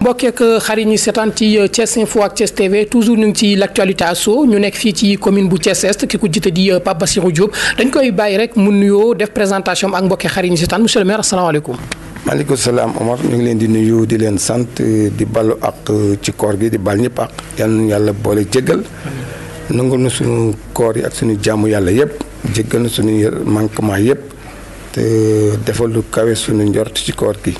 mbokkeek euh, xarit ñi ci euh, Thiès Info ak Thiès TV toujours ñu ci l'actualité asso ñu nek fi ci commune bu Thiès Est ki ko jiite di euh, Pape Bassirou Diop dañ koy bay rek mu nuyo def présentation ak mbokkeek xarit ñi monsieur le maire asalaamaaleykum maaleykum salam Omar ñu ngi leen di nuyu di leen sant di ballu ak ci koor gi di bal ñëpp ak yalla nañu yàlla boole jéggal nangul na suñu koor yi ak suñu jàmm yalla yépp jéggal na suñu manquement yépp te defal lu kawé suñu njort ci koor gi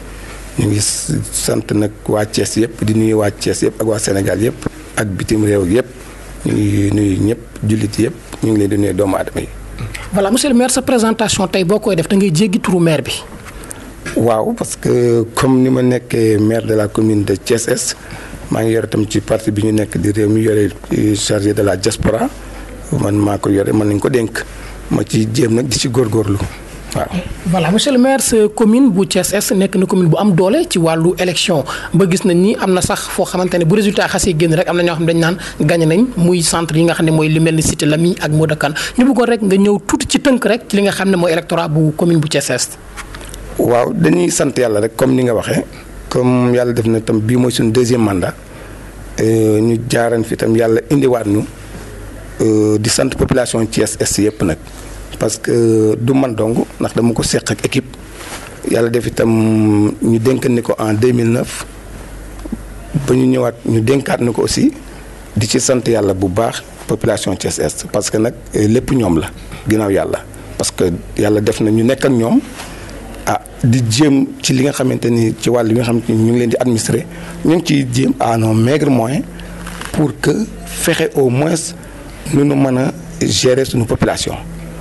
ñu ngi sant nag waa Thiès yëpp di nuyu waa cees yëpp ak waa Sénégal yëpp ak bitim réew yëpp ñu ngi nuyu ñëpp jullit yëpp ñu ngi leen di nuyu doomu adama yi. voilà monsieur le maire sa présentation tey boo koy def da ngay jéggi turu maire bi. waaw parce que comme ni ma nekkee maire de la commune de Thiès Est maa ngi yore tam ci parti bi ñu nekk di réew mi yore chargé de la diaspora man maa ko yore man nañ ko dénk ma ci jéem nag di ci góor góorlu waaw. voilà monsieur le maire sa commune bu Thiès nekk na commune bu am doole ci wàllu élection ba gis nañ ni am na sax foo xamante ne bu résultat xasee génn rek am na ñoo xam ne dañu naan gagné nañ muy centre yi nga xam ne mooy li mel ni cité Lamy ak Modakan ñu bëggoon rek nga ñëw tuuti ci tënk rek ci li nga xam ne mooy électorat bu commune bu Thiès Est. waaw dañuy sant yàlla rek comme ni nga waxee comme yàlla def na tam bii mooy suñu deuxième mandat euh, ñu jaaran fi tam yàlla indiwaat ñu euh, di sant population Thiès yëpp nag. parce que du man dong ndax dama ko seq ak équipe yalla def itam ñu dénk ni ko en 2009 ba ñu ñëwaat ñu dénkaat niko aussi di ci sant yalla bu baax population Thiès Est parce que nak eh, lepp ñom la ginaaw yalla parce que yalla def na ñu nekk ak ñom ah di jëm ci li nga xamanteni ci walu nga xamanteni ñu ngi leen di administrer ñu ci jëm à nos maigre moins pour que fexé au moins nous nous mën gérer suñu population.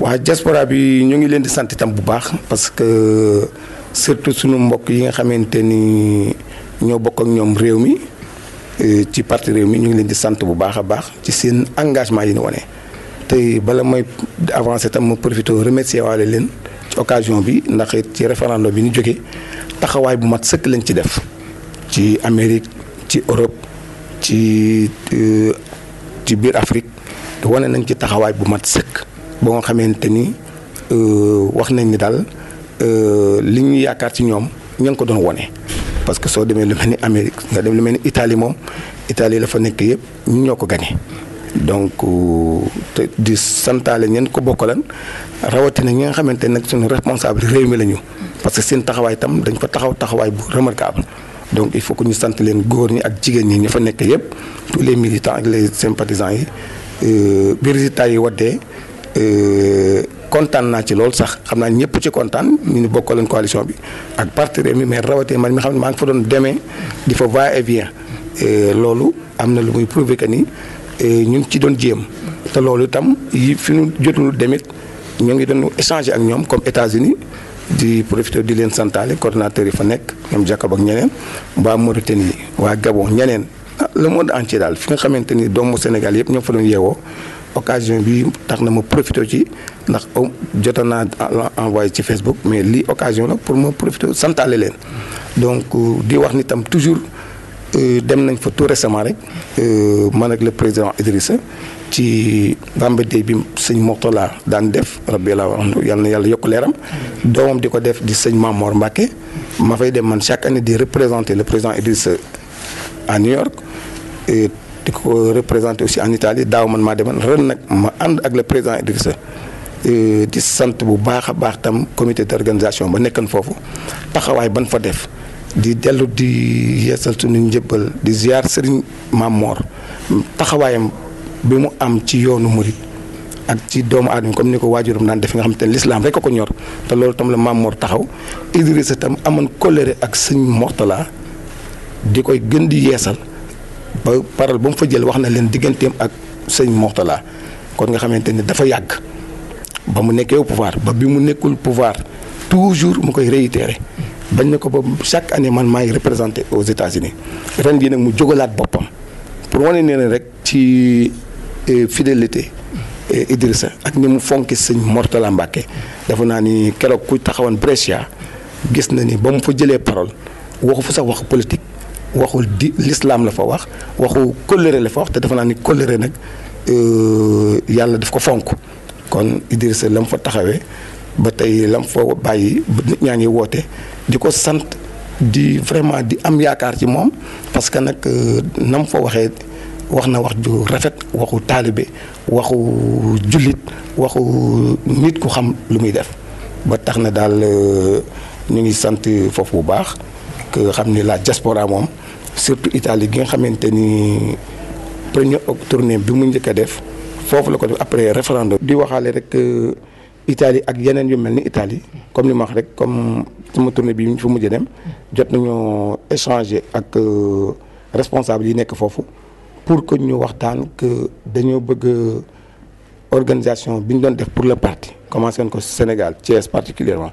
waa diaspora bi ñu ngi leen di sant itam bu baax parce que surtout sunu mbokk yi nga xamante ni ñoo bokk ak ñoom réew mi e, ci parti réew mi ñu ngi leen di sant bu baax a baax ci seen engagement yi ñu wane. te bala may avancer tam ma profité remercier waale leen ci occasion bi ndax ci référendum bi ñu jógee taxawaay bu mat sëkk lañ ci def ci amerique ci Europe ci e, ci biir Afrique wane nañ ci taxawaay bu mat sëkk. ba nga xamante ni euh, wax nañ ni daal euh, li ñu yaakaar ci ñom ña ko doon woné parce que so demee lu melni ni Amérique nga dem lu mel ni Italie moom Italie la fa nek yépp ñu ñoko ko gagné donc euh, te di santaale ñen ko bokkalan rawati ñi nga xamanteni nak suñu responsable réew mi la parce que seen taxaway tam dañ fa taxaw taxaway bu remarquable donc il faut que ñu sant leen goor ñi ak jigéen ñi ñu fa nek yépp tous les militants ak les sympathisants yi euh bi résultats yi waddee Euh, kontaan naa ci loolu sax xam naa ñëpp ci kontaan ñu ni bokk leen coalition bi ak parti mi mais rawatee man mi xam ne maa ngi fa doon demee di fa va et vient euh, loolu am na lu muy prouver que ni euh, ñu ngi ci doon jéem te loolu itam fi ñu jotul demit ñoo ngi doon échanger ak ñoom comme États-Unis di profité di leen santaale coordonnateur yi fa nekk ñoom Jacob ak ñeneen waa Mauritanie waa Gabon ñeneen ah, le monde entier daal fi nga xamante ni doomu Sénégal yëpp ñoo fa doon yeewoo occasion bi tax na ma profité ci ndax jotoon envoyé ci Facebook mais l'occasion occasion la pour ma profiter santalé len donc euh, di wax ni tam toujours euh, dem nañ fa tout récemment rek euh, man ak le président Idrissa ci Bambey bi sëñ Mourtala là def rabbi la yal na yàlla yokk leeram doomam diko Donc, def di sëñ Mamor Mbacke ma fay dem man chaque année di représenter le président Idrissa à New York. et di ko euh, représenté aussi en Italie daaw man maa demoon ren nag ma ànd ak le président Idrissa euh, di sant bu baax a baax tam comité d'organisation ba nekkan foofu taxawaay ban fa def di dellu di yeesal suñu njëbbal di ziar Serigne Mamor taxawaayam bi mu am ci yoonu murit ak ci doomu aadama comme ni ko waajuram daan def nga xam te ne l'islam rek ko ñor te loolu tam la Mamor taxaw Idrissa tam amoon colère ak sëñ Mortala di koy gën di yeesal. ba parole ba mu fa jël wax na leen digganteem ak seigne mortala kon nga xamanteni dafa yag ba mu nekkee au pouvoir ba bi mu nekkul pouvoir toujours mu koy réitérer bañ na ko ba chaque année man may représenter aux États-Unis ren jii nak mu jogolat bopam pour wane ne rek ci euh, fidélité euh, Idrissa ak ni mu fonké seigne mortala Mbacke dafa naa ni keroog ku taxawoon Brescia gis na ni ba mu fa jëlé parole waxu fa sax wax politique. waxul l'islam la fa wax waxu kóllëre la fa wax te dafa naa ni kóllëre nag yàlla daf ko fonk kon Idrissa lam fa taxawee ba tey lam fa bàyyi nit ñaa ngi woote di ko sant di vraiment di am yaakaar ci moom parce que nag nam fa waxee wax na wax ju rafet waxu taalibe waxu jullit waxu nit ku xam lu muy def ba tax na daal ñu ngi sant foofu bu baax que xam la diaspora mom surtout Italie gi nga xamante ni tournée bi mu ñëk def Fofu la ko def après référendum. di waxale rek Italie ak yenen yu melni Italie comme ni ma wax rek comme sama tournée bi fu mujj dem jot nañu échanger ak euh, responsable yi nekk fofu pour que ñu waxtaan que dañu bëgg euh, organisation biñ doon def pour le parti commencé ko Sénégal Thiès particulièrement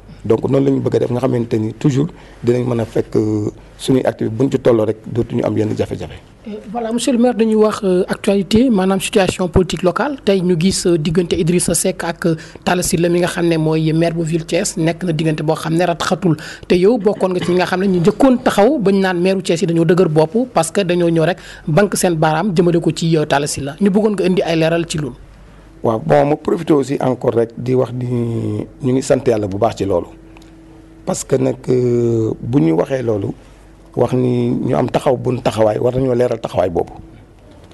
donc non lañu bëgg def nga xamante ni toujours dinañ mëna fekk euh, suñu activité buñ ci tolloo rek dootuñu am yenn jafé jafé euh, voilà monsieur le maire dañuy wax euh, actualité manam situation politique locale tey ñu gis digënté Idrissa Seck ak Talassi Sylla mi nga xamné moy maire bu ville Thiès nek na digënté bo xamné rat ratxatul té yow bokkoon nga ci nga xamné ñu njëkkoon taxaw bañ naan maire Thiès dañu dëgër bopp parce que dañu ñëw rek banque sen baram jëmele ko ci Talassi la ñu bëggoon nga indi ay léral ci loolu wa bon ma profité aussi encore rek di wax ni ñu ngi sante yalla bu baax ci lolu parce que nak euh, bu ñu waxé lolu wax ni ñu am taxaw bu taxaway war nañoo léral taxaway bobu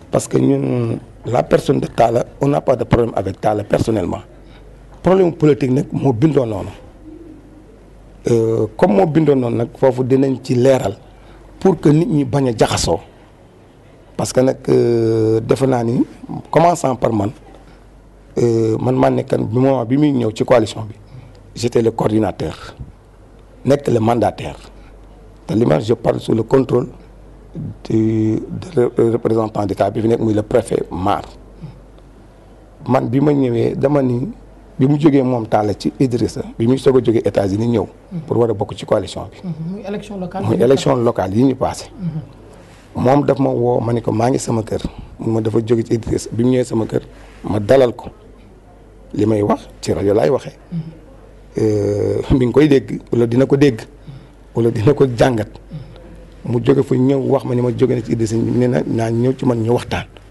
parce que ñun la personne de tala on n'a pas de problème avec tala personnellement problème politique mo bindo bindoon euh comme mo bindo non nak fofu dinañ ci léral pour que nit ñi baña jaxaso parce que nak euh, defe naa ni commençant par man. Euh, man man nekkan bi moment bi muy ñew ci coalition bi j'étais le coordinateur nek le mandataire te l'image je parle sous le contrôle du de euh, représentant d'État bi fi nekk muy le préfet Mar man bima ñewé dama ni bi mu joggé mom Talla ci Idrissa bi muy soog joggé États-Unis ñew pour wara a ci coalition bi. Mhm, muy élection locale muy élection locale yi ñu passé. mom mhm. daf ma woo ma ko maa ngi sama kër ma dafa joggé ci Idrissa bi mu ñewé sama kër ma dalal ko li wax ci lay euh mi ngi koy dégg wala dina ko dégg wala dina ko jàngat mu jóge fa ñëw wax na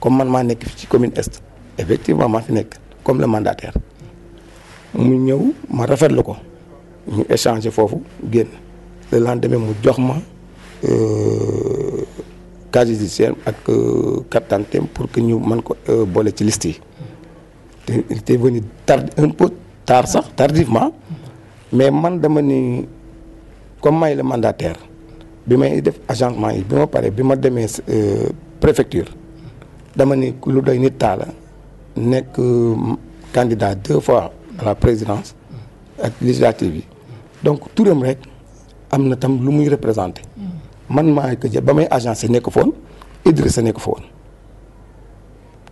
comme commune est effectivement maa comme le mandataire mu ma rafetlu ko ñu le lendemain mu jox ma euh, judiciaire ak euh, pour que ñu man ko euh, ci il était venu tard un peu tard ça, tardivement mais man dama ni comme le le mandataire bi may def agent, yi bi ma pare bi ma euh, préfecture dama ni lu doy nit n'est que euh, candidat deux fois à la présidence la législative donc tout le monde a tam lu muy représenté mm. man j'ai ko agent c'est may agencé il foon Idrissa nekk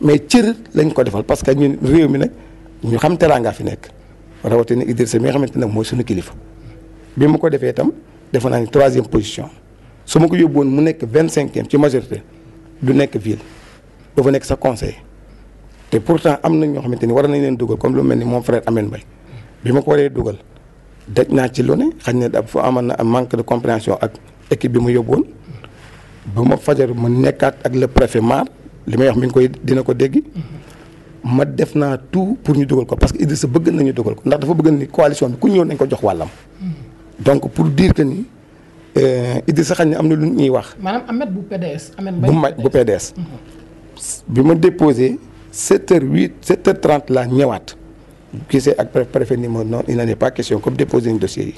mais cër lañ ko defal parce que ñun réew mi nag ñu xam teraanga fi nek nekk ni Idrissa mi nga xamante nag mooy suñu kilifa bi mu ko defee tam defe naa ni e position su ma ko yóbbuwoon mu nek 25e ci majorité du nek ville dafa nek sa conseil te pourtant am na ñoo xamante war nañ leen dugal comme lu melni mon frère Amène Mbaye bi ma ko waré dugal daj na ci lu ne xañ da fu am na manque de compréhension ak équipe bi mu yóbbuwoon ba ma fajar mu nekkat ak le préfet Mar limay wax mi ngi koy dina ko dégg ma def naa tout pour ñu dugal ko parce que Idrissa bëgg nañu dugal ko ndax dafa bëgg ni coalition bi ku ñëw nañ ko jox wàllam. donc pour dire que ni euh, Idrissa xañ ne am na lu ñuy wax. maanaam Ahmed bu PDS. Ahmed Mbaye bu PDS bi ma déposé 7h08 7h30 la ñëwaat. gisee ak préfet ni ma non il n'en est pas question comme déposer nañu dossier yi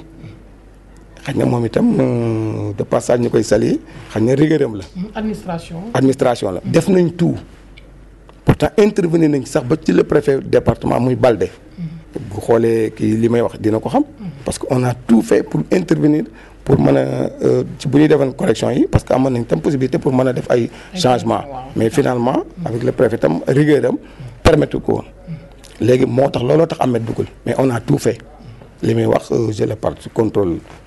xañ na itam euh, de passage ñu koy saluer xañ la. administration administration la. def nañ tout pourtant intervenir nañ sax ba ci le préfet département muy Balde. bu xolé ki limay wax dina ko xam. parce que on a tout fait pour intervenir pour mën euh, ci bu ñuy defoon correction yi parce que am nañ tam possibilité pour mën def ay changement mais finalement avec le préfet tam rigueur am permettre ko woon. motax lolo tax looloo Ahmed mais on a tout fait limay wax euh, je le parle contrôle.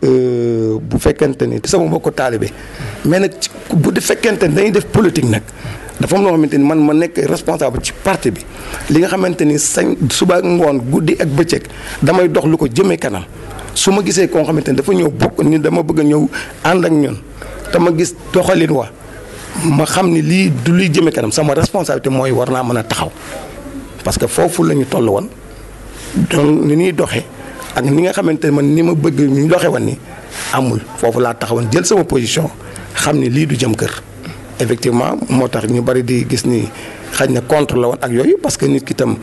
bu fekkente ni sama mbokku taalibe mais nag bu di fekkente ni dañuy def politique nag dafa am loo man ma nekk responsable ci parti bi li nga xamante ni sañ suba ngoon guddi ak bëccëg damay dox lu ko jëmee kanam su ma gisee koo xamante ni dafa ñëw bokk ni dama bëgg a ñëw ànd ak ñun te ma gis doxalin wa ma xam ni lii du luy jëmee kanam sama responsabilité mooy war naa mën a taxaw parce que foofu la ñu toll woon donc ni ñuy doxee. ak ni nga xamante ne man ni ma bëgg ñu doxe woon ni amul foofu laa taxawoon jël sama position xam ni lii du jëm kër effectivement moo tax ñu bari di gis ni xaj na contre la woon ak yooyu parce que nit ki tam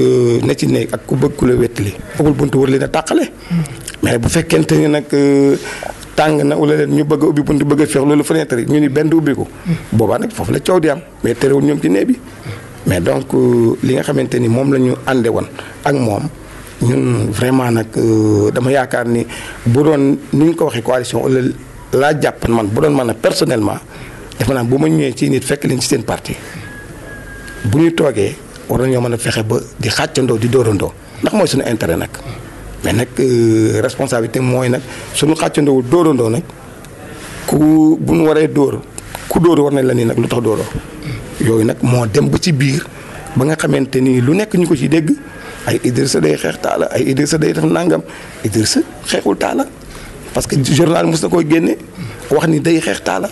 euh, ne ci nekk ak ku bëgg ku la wettali amul buntu wër leen a tàqale mais bu fekkente ni nag euh, tàng na wala leen ñu bëgg ubbi buntu bëgg a feex loolu fenêtre yi ñu ni benn ubbi ko boobaa nag foofu la coow di am mais terewul ñoom ci nee bi mais donc euh, li nga xamante ni moom la ñu woon ak moom ñun vraiment nag euh, dama yaakaar ni bu doon ni ñu ko waxee coalition wala laa jàpp man bu doon man a personnellement dafa naan bu ma ñëwee ci nit fekk leen ci seen parti bu ñu toogee war nañoo mën a fexe ba di xàccandoo di dóorandoo ndax mooy suñu intérêt nag. mais nag euh, responsabilité mooy nag suñu xàccandoowul dóorandoo nag ku bu ñu waree dóor ku dóor war nañ la nii nag lu tax dóoroo yooyu nag moo dem ba ci biir ba nga xamante ni lu nekk ñu ko ci dégg. ay Idrissa day xeex taala ay Idrissa day def nangam Idrissa xeexul taala parce que journal mos na koo génne wax ni day xeex taala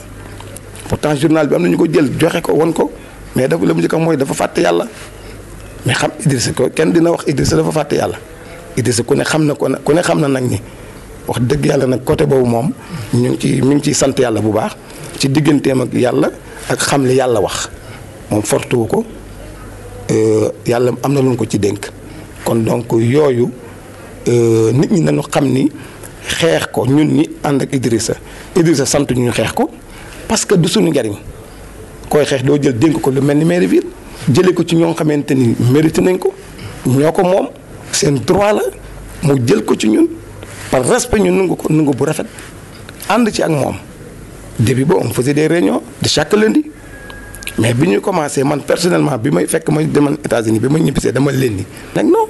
pourtant journal bi am na ñu ko jël joxe ko won ko mais dafa la mu njëkk mooy dafa fàtte yàlla mais xam Idrissa ko kenn dina wax Idrissa dafa fàtte yàlla Idrissa ku ne xam na ko ku ne xam na nag ñi wax dëgg yàlla nag côté boobu moom ñu ngi ci mi ngi ciy sant yàlla bu baax ci digganteem ak yàlla ak xam li yàlla wax moom fortuwu ko euh, yàlla am na lu ko ci dénk kon donc yooyu euh, nit ñi nañu xam ni xeex ko ñun ñi ànd ak Idrissa Idrissa sant ñu xeex ko parce que du suñu njariñ koy xeex doo jël dénk ko lu mel ni mairie ville jëlee ko ci ñoo xamante ni mérité nañ ko ñoo ko moom seen trois la mu jël ko ci ñun par respect ñu nangu ko nangu bu rafet ànd ci ak moom début boo on faisait des réunions de chaque lundi mais bi ñu commencé man personnellement bi may fekk ma demoon États-Unis bi ma ñibbisee dama leen nak non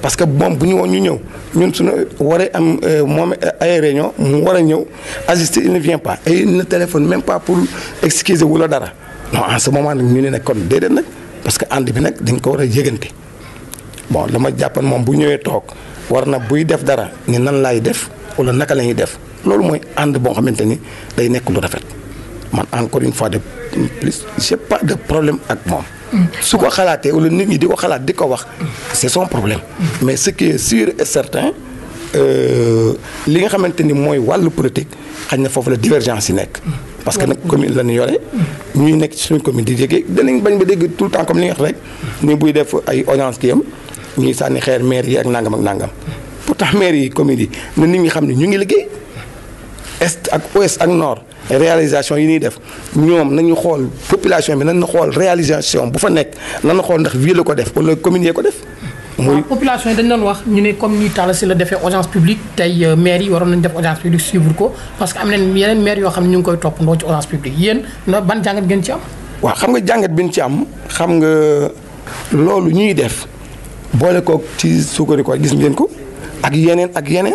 parce que bon bu ñu woon ñu ñëw ñun suñu waree am euh, moom ay réunion mu war a ñëw ajuster il ne vient pas et il ne téléphone même pas pour excuser wala dara non en ce moment nag ñu né nag kon déedéet nag parce que and bi nak dañ ko wara a bon dama jappan mom bu ñëwee tok warna buy def dara ni nan lay def wala naka lañuy def lolu moy and bo xamante day nekk lu rafet encore une fois de plus j'ai pas de problème avec moi. Ce ko a wala nit c'est son problème. mais ce qui est sûr et certain euh, li nga les moy politique xagn na fofu la divergence parce que nous, commune la comme ñuy Nous, ci suñu commune di bañ tout temps comme li nga rek. ni buy audience ki ñuy maire yi ak pourtant maire yi commune yi na nit ñi xamni ñu ngi est ak ouest ak nord. réalisation yi ñuy def ñoom nañu xool population bi nan na xool réalisation bu fa nekk nan na xool ndax ville ko def wala commune ko def. muy population yi dañ doon wax ñu ne comme ni Talla Sylla la defee audience publique tey euh, maire yi waroon nañu def audience publique suivre ko parce que am nañ yeneen maire yoo xam ne ñu ngi koy toppandoo ci audience publique yéen na ban jàngat ngeen ci am. waaw xam nga jàngat bi ñu ci am xam nga loolu ñuy def boole koog ci sukkari gis ngeen ko ak yeneen ak yeneen.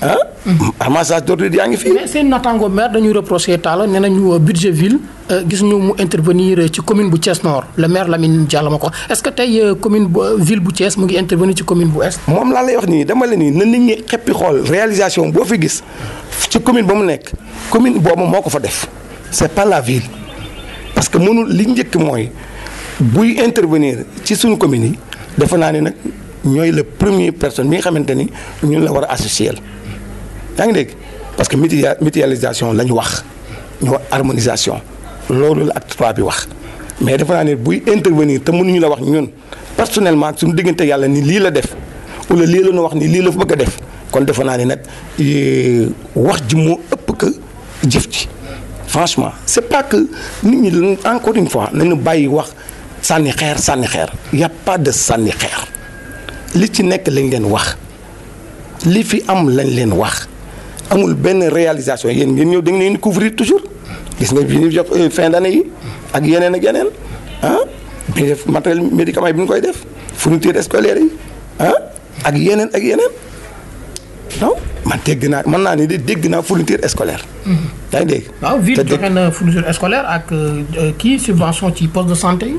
ah. Hein? amassage d'ordures yaa ngi mais c'est Natango maire dañuy reproché Talla nee nañu euh, budget ville euh, gis ñu mu intervenir euh, ci commune bu Thiès Nord le maire Lamine Diallo ma est-ce que tey commune ville bu Thiès mu ngi intervenir ci commune bu Est. moom la lay wax ni dama la na nit ñi xeppi réalisation bo fi gis ci commune bu mu nek commune boobu moko ko fa def c'est pas la ville parce que mënul li njëkk moy buy intervenir ci suñu commune yi dafa naa nak ñoy le premier personne mi nga xamante ñun la wara associer yaa ngi parce que mutualisation la ñu wax ñu harmonisation loolu la acte trois bi wax mais dafa naa ne intervenir te mënuñu la wax ñun personnellement suñu diggante yàlla ni lii la def wala lii la ñu wax ni lii la fa bëgg def kon defe ni nak nag euh, wax ji mo ëpp que jëf ji franchement c'est pas que nit ñi encore une fois nañu bayyi wax sànni xeer sànni xeer y' a pas de sànni xeer li ci nekk lañ leen wax li fi am lañ leen wax amul ben réalisation yéen ngeen ñëw da ngeen couvrir toujours gis nga bi ñu jox fin d'année yi ak yenen ak yenen hein ah. def matériel médicament bi ñu koy def fourniture scolaire yi ah ak yenen ak yenen non man dégg naa man naa ne de dégg naa fourniture scolaire. Mhm. yaa ngi dégg. waaw ville joxe na fourniture scolaire ak euh, euh, kii subvention ci poste de santé yi.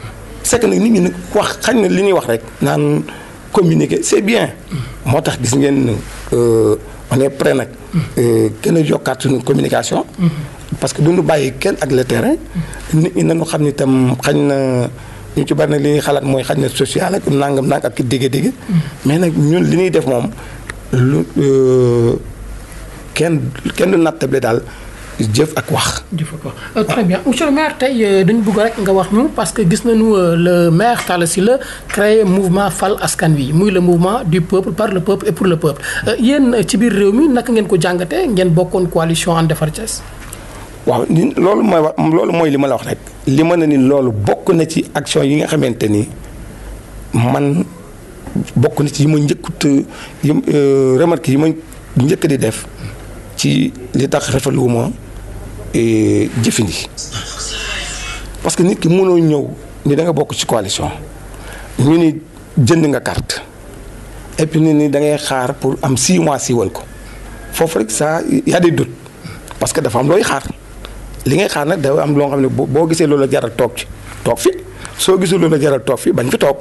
c'est que nag nit ñi nag wax xañ na li ñuy wax rek naan communiquer c'est bien moo tax gis ngeen euh, on est prêt nag euh, a yokkaat communication parce que duñu bàyyi kenn ak le terrain nit ñi nañu xam tam xañ na ñu ci bari nag li ñuy xalaat mooy xañ na social ak nangam nak ak ki dégg mais nak ñun li ñuy def mom lu euh, kenn kenn du dal jëf ak wax. jëf ak wax euh, très bien monsieur le maire tey euh, dañu bëgg rek nga wax ñu parce que gis nañu euh, le maire Talla Sylla créé mouvement Fal Askan Wi muy le mouvement du peuple par le peuple et pour le peuple yéen ci biir réew mi naka ngeen ko jàngatee ngeen bokkoon coalition en Defar Thiès. waaw ni loolu mooy wax li ma wax rek li ma ni loolu bokk na ci action yi nga xamante ni man bokk na ci yi ma njëkkut yi remarque yi ma njëkk di def ci li tax rafetlu ma jëfindi parce que nit ki mënoo ñëw ni da bokk ci coalition ñu ni jënd nga carte et puis ni da ngay xaar pour am six mois siiwal ko foofu rek ça y a parce que dafa am looy xaar li ngay xaar nag dafa am loo xam ne boo gisee loolu la jaral toog ci toog fi soo gisee loolu jaral toog fi bañ fi toog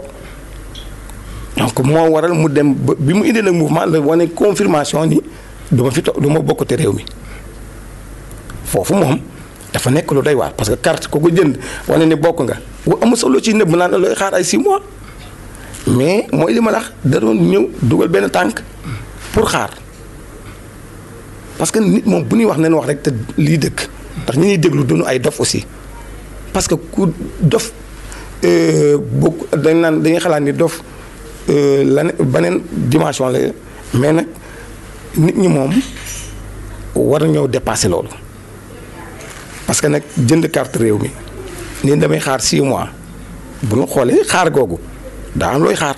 donc moo waral mu dem bi mu indi nag mouvement la wane confirmation ni duma fi toog duma bokkate réew mi foofu moom dafa nekk lu day waar parce que carte ku ko jënd wane ne bokk nga wa amul sax loo ciy nëbb naan looy xaar ay 6 mais mooy li ma lax da doon ñëw dugal benn tànk pour xaar parce que nit moom bu ñuy wax nañ wax rek te lii dëkk ndax ni ñuy déglu duñu ay dof aussi parce que ku dof euh, bokk dañ naan dañuy xalaat ni dof euh, lan beneen dimension la mais nag nit ñi moom war ñëw dépasser loolu. parce que nag jënd carte réew mi nii damay xaar 6 mois bu nu xoolee xaar googu daa am looy xaar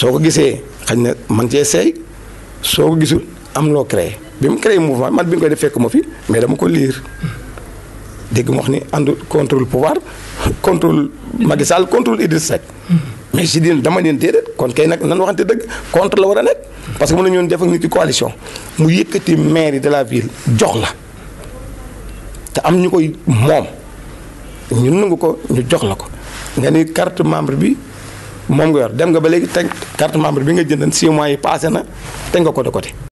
soo ko gisee xañ na man cee seey soo ko gisul am loo créé bi mu créé mouvement bi ñu ma fi mais dama ko liir dégg mu wax ni ànd contrôle pouvoir contrôle Macky Sall contrôle Idriss Seck mais si din dama leen déedéet kon kay nag nan waxante dëgg contre la war a nekk parce que mën nañu def ak nit coalition mu yëkkati maire yi de la ville jox la te am ñu koy moom ñu nangu ko ñu jox la ko nga ni carte membre bi moom nga yor dem nga ba léegi te carte membre bi nga jëndan 6 mois yi passé na te nga ko de côté